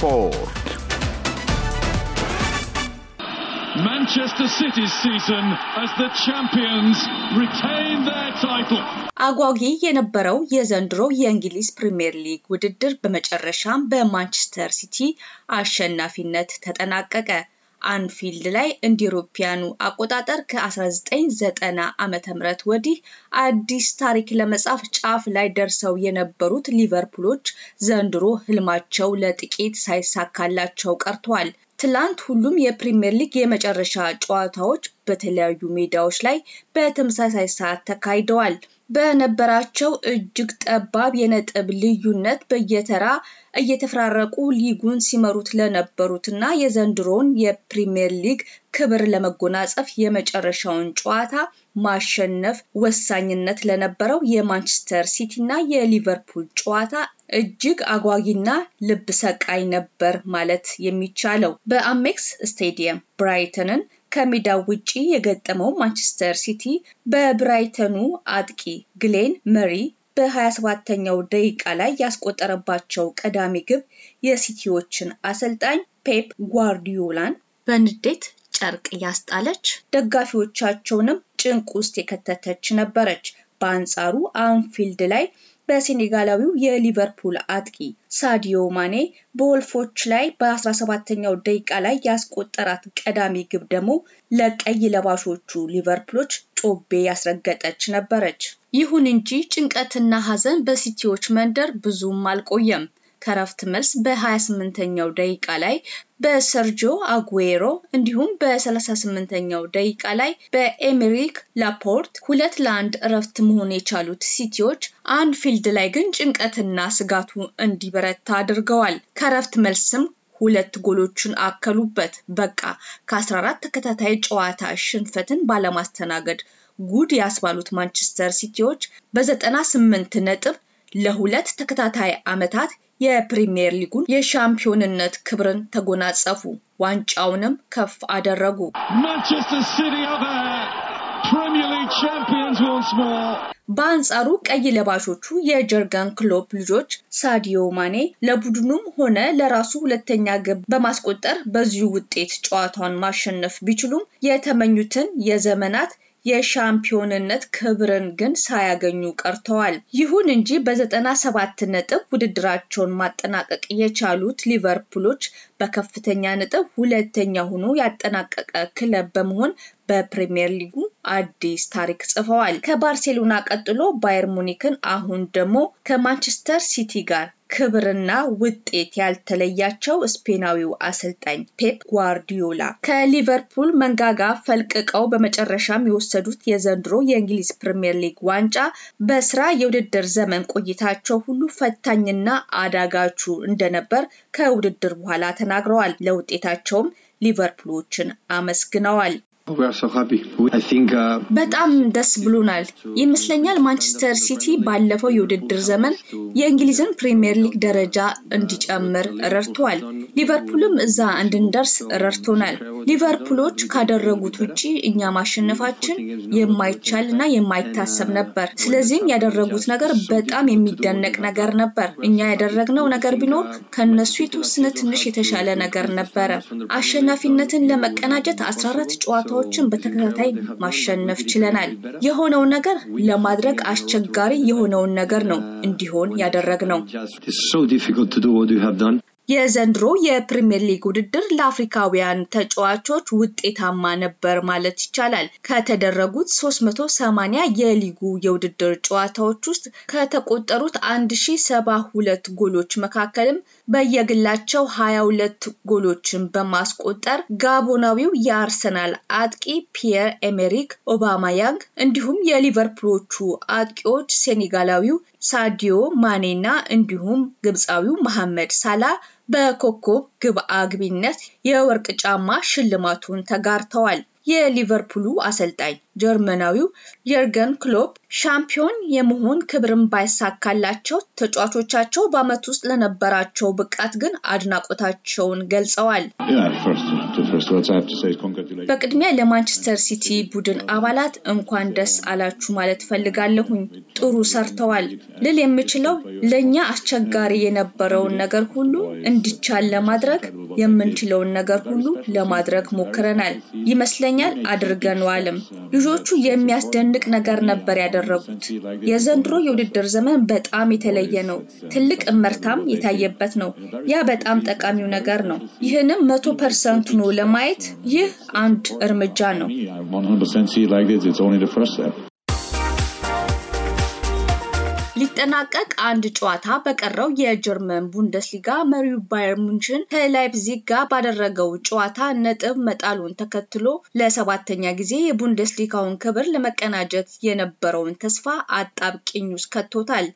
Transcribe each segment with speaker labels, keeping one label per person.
Speaker 1: ስፖርት Manchester ሲቲ ሲዝን as the
Speaker 2: champions retain their title. አጓጊ የነበረው የዘንድሮ የእንግሊዝ ፕሪምየር ሊግ ውድድር በመጨረሻም በማንቸስተር ሲቲ አሸናፊነት ተጠናቀቀ። አንፊልድ ላይ እንደ አቆጣጠር ከ1990 ዓ.ም ወዲህ አዲስ ታሪክ ለመጻፍ ጫፍ ላይ ደርሰው የነበሩት ሊቨርፑሎች ዘንድሮ ህልማቸው ለጥቂት ሳይሳካላቸው ቀርተዋል። ትላንት ሁሉም የፕሪምየር ሊግ የመጨረሻ ጨዋታዎች በተለያዩ ሜዳዎች ላይ በተመሳሳይ ሰዓት ተካሂደዋል። በነበራቸው እጅግ ጠባብ የነጥብ ልዩነት በየተራ እየተፈራረቁ ሊጉን ሲመሩት ለነበሩትና የዘንድሮውን የፕሪምየር ሊግ ክብር ለመጎናጸፍ የመጨረሻውን ጨዋታ ማሸነፍ ወሳኝነት ለነበረው የማንቸስተር ሲቲና የሊቨርፑል ጨዋታ እጅግ አጓጊና ልብ ሰቃይ ነበር ማለት የሚቻለው። በአሜክስ ስቴዲየም ብራይተንን ከሜዳው ውጪ የገጠመው ማንቸስተር ሲቲ በብራይተኑ አጥቂ ግሌን መሪ በ27ኛው ደቂቃ ላይ ያስቆጠረባቸው ቀዳሚ ግብ የሲቲዎችን አሰልጣኝ ፔፕ ጓርዲዮላን በንዴት ጨርቅ ያስጣለች፣ ደጋፊዎቻቸውንም ጭንቅ ውስጥ የከተተች ነበረች። በአንጻሩ አንፊልድ ላይ በሴኔጋላዊው የሊቨርፑል አጥቂ ሳዲዮ ማኔ በወልፎች ላይ በ17ኛው ደቂቃ ላይ ያስቆጠራት ቀዳሚ ግብ ደግሞ ለቀይ ለባሾቹ ሊቨርፑሎች ጮቤ ያስረገጠች ነበረች። ይሁን እንጂ ጭንቀትና ሐዘን በሲቲዎች መንደር ብዙም አልቆየም። ከረፍት መልስ በ28ኛው ደቂቃ ላይ በሰርጆ አጉዌሮ እንዲሁም በ38ኛው ደቂቃ ላይ በኤሚሪክ ላፖርት ሁለት ለአንድ እረፍት መሆን የቻሉት ሲቲዎች አንፊልድ ላይ ግን ጭንቀትና ስጋቱ እንዲበረታ አድርገዋል። ከረፍት መልስም ሁለት ጎሎቹን አከሉበት። በቃ ከ14 ተከታታይ ጨዋታ ሽንፈትን ባለማስተናገድ ጉድ ያስባሉት ማንቸስተር ሲቲዎች በ98 ነጥብ ለሁለት ተከታታይ ዓመታት የፕሪሚየር ሊጉን የሻምፒዮንነት ክብርን ተጎናጸፉ። ዋንጫውንም ከፍ አደረጉ። በአንጻሩ ቀይ ለባሾቹ የጀርገን ክሎፕ ልጆች ሳዲዮ ማኔ ለቡድኑም ሆነ ለራሱ ሁለተኛ ግብ በማስቆጠር በዚሁ ውጤት ጨዋታውን ማሸነፍ ቢችሉም የተመኙትን የዘመናት የሻምፒዮንነት ክብርን ግን ሳያገኙ ቀርተዋል። ይሁን እንጂ በዘጠና ሰባት ነጥብ ውድድራቸውን ማጠናቀቅ የቻሉት ሊቨርፑሎች በከፍተኛ ነጥብ ሁለተኛ ሆኖ ያጠናቀቀ ክለብ በመሆን በፕሪምየር ሊጉ አዲስ ታሪክ ጽፈዋል። ከባርሴሎና ቀጥሎ ባየር ሙኒክን አሁን ደግሞ ከማንቸስተር ሲቲ ጋር ክብርና ውጤት ያልተለያቸው ስፔናዊው አሰልጣኝ ፔፕ ጓርዲዮላ ከሊቨርፑል መንጋጋ ፈልቅቀው በመጨረሻም የወሰዱት የዘንድሮ የእንግሊዝ ፕሪምየር ሊግ ዋንጫ በስራ የውድድር ዘመን ቆይታቸው ሁሉ ፈታኝና አዳጋቹ እንደነበር ከውድድር በኋላ ተናግረዋል። ለውጤታቸውም ሊቨርፑሎችን አመስግነዋል። በጣም ደስ ብሎናል። ይመስለኛል ማንቸስተር ሲቲ ባለፈው የውድድር ዘመን የእንግሊዝን ፕሪምየር ሊግ ደረጃ እንዲጨምር ረድቷል። ሊቨርፑልም እዛ እንድንደርስ ረድቶናል። ሊቨርፑሎች ካደረጉት ውጪ እኛ ማሸነፋችን የማይቻል እና የማይታሰብ ነበር። ስለዚህም ያደረጉት ነገር በጣም የሚደነቅ ነገር ነበር። እኛ ያደረግነው ነገር ቢኖር ከነሱ የተወሰነ ትንሽ የተሻለ ነገር ነበረ። አሸናፊነትን ለመቀናጀት 14 ጨዋታ ጨዋታዎችን በተከታታይ ማሸነፍ ችለናል። የሆነው ነገር ለማድረግ አስቸጋሪ የሆነውን ነገር ነው እንዲሆን ያደረግነው። የዘንድሮ የፕሪምየር ሊግ ውድድር ለአፍሪካውያን ተጫዋቾች ውጤታማ ነበር ማለት ይቻላል። ከተደረጉት 380 የሊጉ የውድድር ጨዋታዎች ውስጥ ከተቆጠሩት 1072 ጎሎች መካከልም በየግላቸው 22 ጎሎችን በማስቆጠር ጋቦናዊው የአርሰናል አጥቂ ፒየር ኤሜሪክ ኦባማያንግ እንዲሁም የሊቨርፑሎቹ አጥቂዎች ሴኔጋላዊው ሳዲዮ ማኔና እንዲሁም ግብፃዊው መሐመድ ሳላ በኮከብ ግብ አግቢነት የወርቅ ጫማ ሽልማቱን ተጋርተዋል። የሊቨርፑሉ አሰልጣኝ ጀርመናዊው የርገን ክሎፕ ሻምፒዮን የመሆን ክብርን ባይሳካላቸው ተጫዋቾቻቸው በአመት ውስጥ ለነበራቸው ብቃት ግን አድናቆታቸውን ገልጸዋል። በቅድሚያ ለማንቸስተር ሲቲ ቡድን አባላት እንኳን ደስ አላችሁ ማለት ፈልጋለሁኝ። ጥሩ ሰርተዋል ልል የምችለው ለእኛ አስቸጋሪ የነበረውን ነገር ሁሉ እንዲቻል ለማድረግ የምንችለውን ነገር ሁሉ ለማድረግ ሞክረናል። ይመስለኛል አድርገነዋልም። ልጆቹ የሚያስደንቅ ነገር ነበር ያደረጉት። የዘንድሮ የውድድር ዘመን በጣም የተለየ ነው። ትልቅ እመርታም የታየበት ነው። ያ በጣም ጠቃሚው ነገር ነው። ይህንም መቶ ፐርሰንቱ ነው ማየት ይህ አንድ እርምጃ ነው። ሊጠናቀቅ አንድ ጨዋታ በቀረው የጀርመን ቡንደስሊጋ መሪው ባየር ሙንችን ከላይፕዚግ ጋር ባደረገው ጨዋታ ነጥብ መጣሉን ተከትሎ ለሰባተኛ ጊዜ የቡንደስሊጋውን ክብር ለመቀናጀት የነበረውን ተስፋ አጣብቂኝ ውስጥ ከቶታል።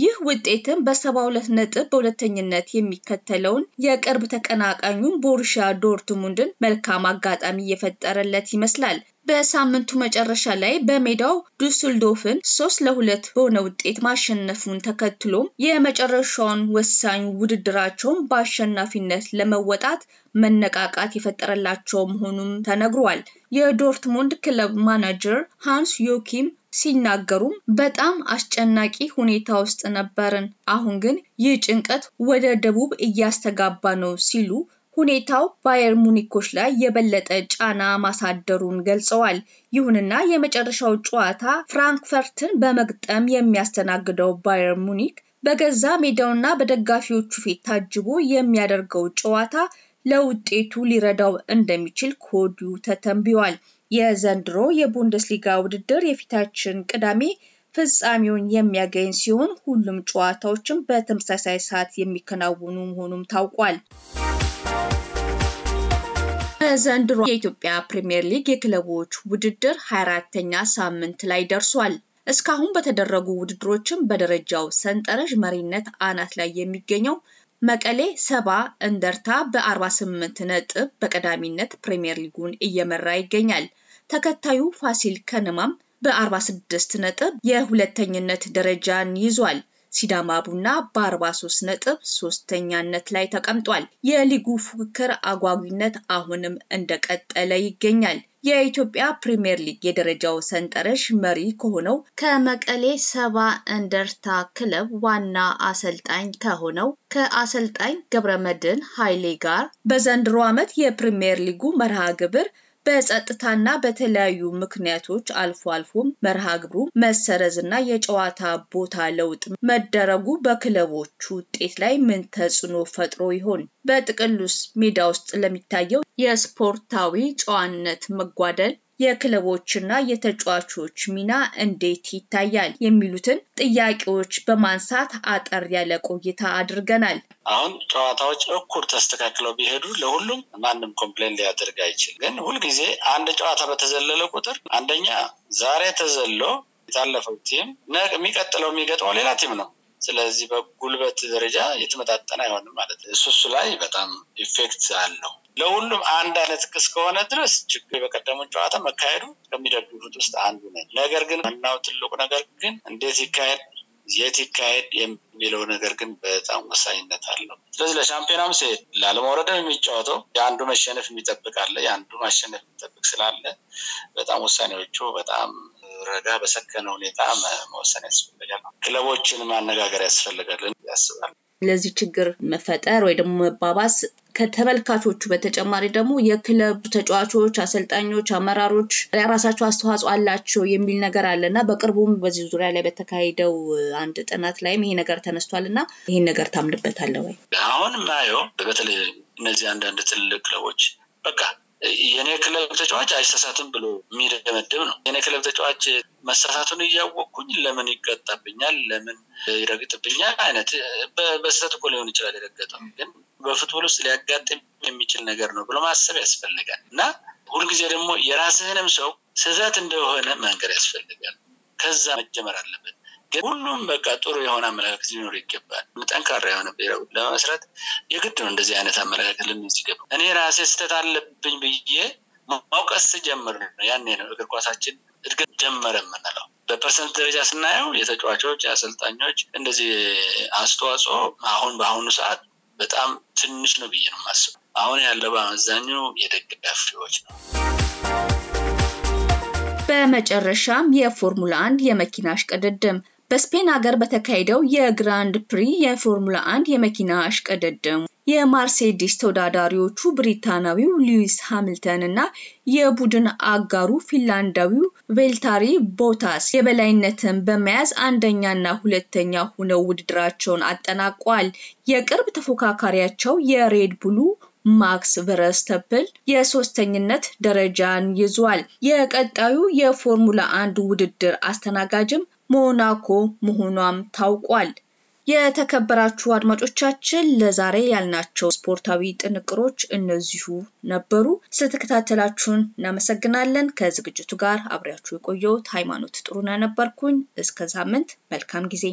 Speaker 2: ይህ ውጤትም በ72 ነጥብ በሁለተኝነት የሚከተለውን የቅርብ ተቀናቃኙን ቦሩሺያ ዶርትሙንድን መልካም አጋጣሚ እየፈጠረለት ይመስላል። በሳምንቱ መጨረሻ ላይ በሜዳው ዱስልዶፍን ሶስት ለሁለት በሆነ ውጤት ማሸነፉን ተከትሎም የመጨረሻውን ወሳኝ ውድድራቸውን በአሸናፊነት ለመወጣት መነቃቃት የፈጠረላቸው መሆኑም ተነግሯል። የዶርትሙንድ ክለብ ማናጀር ሃንስ ዮኪም ሲናገሩም በጣም አስጨናቂ ሁኔታ ውስጥ ነበርን፣ አሁን ግን ይህ ጭንቀት ወደ ደቡብ እያስተጋባ ነው ሲሉ ሁኔታው ባየር ሙኒኮች ላይ የበለጠ ጫና ማሳደሩን ገልጸዋል። ይሁንና የመጨረሻው ጨዋታ ፍራንክፈርትን በመግጠም የሚያስተናግደው ባየር ሙኒክ በገዛ ሜዳውና በደጋፊዎቹ ፊት ታጅቦ የሚያደርገው ጨዋታ ለውጤቱ ሊረዳው እንደሚችል ከወዲሁ ተተንብዋል። የዘንድሮ የቡንደስሊጋ ውድድር የፊታችን ቅዳሜ ፍጻሜውን የሚያገኝ ሲሆን ሁሉም ጨዋታዎችም በተመሳሳይ ሰዓት የሚከናወኑ መሆኑም ታውቋል። በዘንድሮ የኢትዮጵያ ፕሪምየር ሊግ የክለቦች ውድድር 24ተኛ ሳምንት ላይ ደርሷል። እስካሁን በተደረጉ ውድድሮችም በደረጃው ሰንጠረዥ መሪነት አናት ላይ የሚገኘው መቀሌ ሰባ እንደርታ በ48 ነጥብ በቀዳሚነት ፕሪምየር ሊጉን እየመራ ይገኛል። ተከታዩ ፋሲል ከነማም በ46 ነጥብ የሁለተኝነት ደረጃን ይዟል። ሲዳማ ቡና በ43 ነጥብ ሶስተኛነት ላይ ተቀምጧል። የሊጉ ፉክክር አጓጊነት አሁንም እንደቀጠለ ይገኛል። የኢትዮጵያ ፕሪምየር ሊግ የደረጃው ሰንጠረዥ መሪ ከሆነው ከመቀሌ ሰባ እንደርታ ክለብ ዋና አሰልጣኝ ከሆነው ከአሰልጣኝ ገብረመድን ኃይሌ ጋር በዘንድሮ ዓመት የፕሪምየር ሊጉ መርሃ ግብር በጸጥታና በተለያዩ ምክንያቶች አልፎ አልፎም መርሃ ግብሩ እና የጨዋታ ቦታ ለውጥ መደረጉ በክለቦቹ ውጤት ላይ ምን ተጽዕኖ ፈጥሮ ይሆን? በጥቅሉስ ሜዳ ውስጥ ለሚታየው የስፖርታዊ ጨዋነት መጓደል የክለቦችና የተጫዋቾች ሚና እንዴት ይታያል የሚሉትን ጥያቄዎች በማንሳት አጠር ያለ ቆይታ አድርገናል።
Speaker 1: አሁን ጨዋታዎች እኩል ተስተካክለው ቢሄዱ ለሁሉም ማንም ኮምፕሌን ሊያደርግ አይችል። ግን ሁልጊዜ አንድ ጨዋታ በተዘለለ ቁጥር አንደኛ ዛሬ ተዘሎ የታለፈው ቲም የሚቀጥለው የሚገጥመው ሌላ ቲም ነው። ስለዚህ በጉልበት ደረጃ የተመጣጠነ አይሆንም ማለት ነው። እሱ እሱ ላይ በጣም ኢፌክት አለው። ለሁሉም አንድ አይነት ክስ ከሆነ ድረስ ችግር የበቀደሙን ጨዋታ መካሄዱ ከሚደግፉት ውስጥ አንዱ ነ ነገር ግን ዋናው ትልቁ ነገር ግን እንዴት ይካሄድ የት ይካሄድ የሚለው ነገር ግን በጣም ወሳኝነት አለው። ስለዚህ ለሻምፒዮናም ሲሄድ ላለመውረድም የሚጫወተው የአንዱ መሸነፍ የሚጠብቅ አለ፣ የአንዱ ማሸነፍ የሚጠብቅ ስላለ በጣም ውሳኔዎቹ በጣም ረጋ በሰከነ ሁኔታ መወሰን ያስፈልጋል። ክለቦችን ማነጋገር ያስፈልጋል ያስባል።
Speaker 2: ለዚህ ችግር መፈጠር ወይ ደግሞ መባባስ ከተመልካቾቹ በተጨማሪ ደግሞ የክለብ ተጫዋቾች፣ አሰልጣኞች፣ አመራሮች የራሳቸው አስተዋጽኦ አላቸው የሚል ነገር አለ እና በቅርቡም በዚህ ዙሪያ ላይ በተካሄደው አንድ ጥናት ላይም ይሄ ነገር ተነስቷል እና ይህን ነገር ታምንበታለህ ወይ? አሁን ማየው በተለይ እነዚህ አንዳንድ ትልልቅ ክለቦች በቃ
Speaker 1: የኔ ክለብ ተጫዋች አይሳሳትም ብሎ የሚደመድም ነው። የኔ ክለብ ተጫዋች መሳሳቱን እያወቅኩኝ ለምን ይቀጣብኛል? ለምን ይረግጥብኛል? አይነት በስህተት እኮ ሊሆን ይችላል የረገጠው፣ ግን በፉትቦል ውስጥ ሊያጋጥም የሚችል ነገር ነው ብሎ ማሰብ ያስፈልጋል እና ሁልጊዜ ደግሞ የራስህንም ሰው ስህተት እንደሆነ መንገር ያስፈልጋል። ከዛ መጀመር አለበት። ግን ሁሉም በቃ ጥሩ የሆነ አመለካከት ሊኖር ይገባል። ጠንካራ የሆነ ብሔራዊ ለመመስረት የግድ ነው እንደዚህ አይነት አመለካከት ልንይዝ ይገባል። እኔ ራሴ ስህተት አለብኝ ብዬ ማውቀስ ስጀምር ነው ያኔ ነው እግር ኳሳችን እድገት ጀመረ የምንለው። በፐርሰንት ደረጃ ስናየው የተጫዋቾች የአሰልጣኞች እንደዚህ አስተዋጽኦ አሁን በአሁኑ ሰዓት በጣም ትንሽ ነው ብዬ ነው የማስበው። አሁን ያለው በአመዛኙ የደጋፊዎች ነው።
Speaker 2: በመጨረሻም የፎርሙላ አንድ የመኪና እሽቅድድም በስፔን ሀገር በተካሄደው የግራንድ ፕሪ የፎርሙላ አንድ የመኪና አሽቀደደሙ የማርሴዲስ ተወዳዳሪዎቹ ብሪታናዊው ሉዊስ ሃሚልተን እና የቡድን አጋሩ ፊንላንዳዊው ቬልታሪ ቦታስ የበላይነትን በመያዝ አንደኛና ሁለተኛ ሆነው ውድድራቸውን አጠናቋል። የቅርብ ተፎካካሪያቸው የሬድ ማክስ ቨረስተፕል የሶስተኝነት ደረጃን ይዟል። የቀጣዩ የፎርሙላ አንድ ውድድር አስተናጋጅም ሞናኮ መሆኗም ታውቋል። የተከበራችሁ አድማጮቻችን ለዛሬ ያልናቸው ስፖርታዊ ጥንቅሮች እነዚሁ ነበሩ። ስለተከታተላችሁን እናመሰግናለን። ከዝግጅቱ ጋር አብሬያችሁ የቆየሁት ሃይማኖት ጥሩነህ ነበርኩኝ። እስከ ሳምንት መልካም ጊዜ